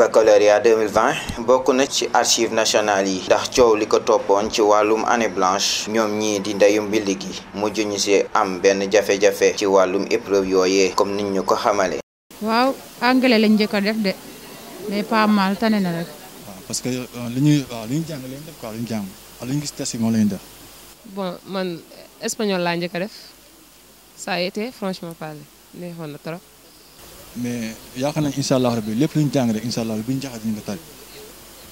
baccalauréat 2020 bokk na ci archives nationales yi ndax coow li ko toppoon ci wàllum année blanche ñoom ñi di ndeyum mbind gi mujj ñu si am benn jafe-jafe ci wàllum épreuve yooyee comme niñ ñu ko xamale waaw anglais lañ njëkk a def de mais pas mal tane na rek. waaw parce que euh, li ñuy ñu jàng lañ def quoi li ñu jàng li ñu gis test la ñu def. bon man espagnol laa njëkk def ça a franchement parlé neexoon na trop. mais yaakaar nañ incha allah rabbi lépp lu ñu jàng rek incha allah bu ñu jaxase ñu ko tari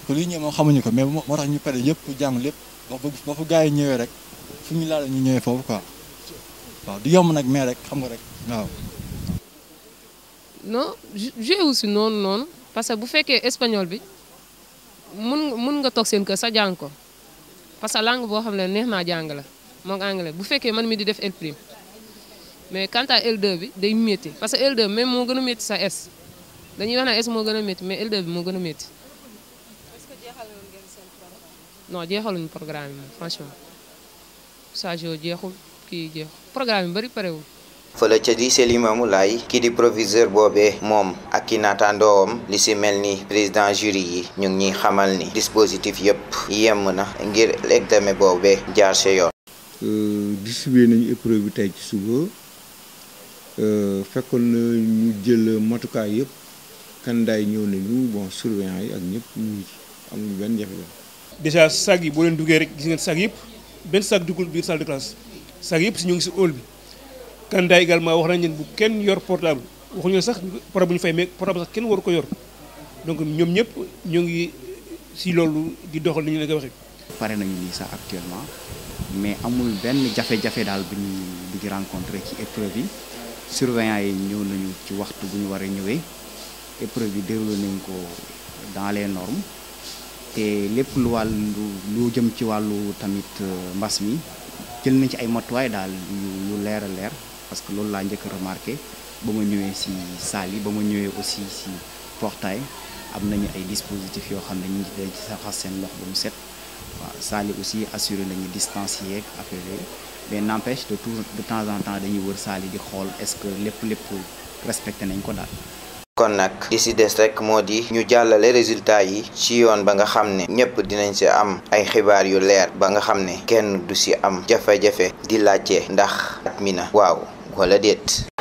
ko li ñëw moom xamuñu ko mais moo tax ñu pare yëpp jàng lépp wax ba fu gars yi ñëwee rek fu ñu laal ñu ñëwee foofu ko waaw du yomb nag mais rek xam nga rek waaw. non joué wu si noonu noonu parce que bu fekkee espagnol bi mun mun nga toog seen kër sa jàng ko parce que langue boo xam ne neex naa jàng la moog anglais bu fekkee man mi di def el prime mais quant à L2 bi day metti parce que L2 même mo gëna metti sa S dañuy wax na S mo gëna metti mais L2 bi mo gëna metti est-ce que jéxal won ngeen sen programme. non jéxal won programme franchement sa Sadio jéxul ki jéx programme yu bëri parewul. fële ca lycée Limamou Laye ki di proviseur bobé mom ak ki naataandoowam li ci melni président jury yi ñu ngi xamal ni dispositif yépp yem na ngir examen bobé jaar sa yoon. euh distribué nañu épreuve bi tey ci suba. Euh, fekkoon na ñu jël matukaay yëpp kandaay ñëw nañu bon surveillant yi ak ñëpp ñu am ñu benn jafe-jafe. déjà sag yi boo leen duggee rek gis ngeen sag yëpp benn sag duggul biir salle de classe sag yëpp si ñu ngi si hall bi kandaay également wax nañ leen bu kenn yor portable waxuñu sax portable bu ñu fay mais portable sax kenn waru ko yor donc ñoom ñëpp ñoo ngi si loolu di doxal ni ñu la ko waxee. pare nañu nii sax actuellement mais amul benn jafe-jafe daal bu ñu bi rencontré ci épreuve yi. surveillants yi ñëw nañu ci waxtu bu ñu war ñëwee épreuve yi déroulé nañ ko dans les normes te lépp lu wàllu lu jëm ci wàllu tamit euh, mbas mi jël nañ ci ay matuwaay daal yu yu leer a leer parce que loolu laa njëkk a ba ma ñëwee si salle yi ba ma ñëwee aussi si portail am nañu ay dispositifs yoo xam ne ñu ngi ci saxas seen loxo ba mu set. waaw saali aussi assurer nañu distance yeeg affaire yooyu mais n'empêche de tout de temps en temps dañuy wër saali di xool est-ce que lépp lépp respecté nañ ko daal. kon nak li si rek modi ñu jàllale résultat yi ci yoon ba nga xam ñepp dinañ ci am ay xibaar yu leer ba nga xam kenn du ci am jafé jafé di laccé ndax at mi na waaw wala déet.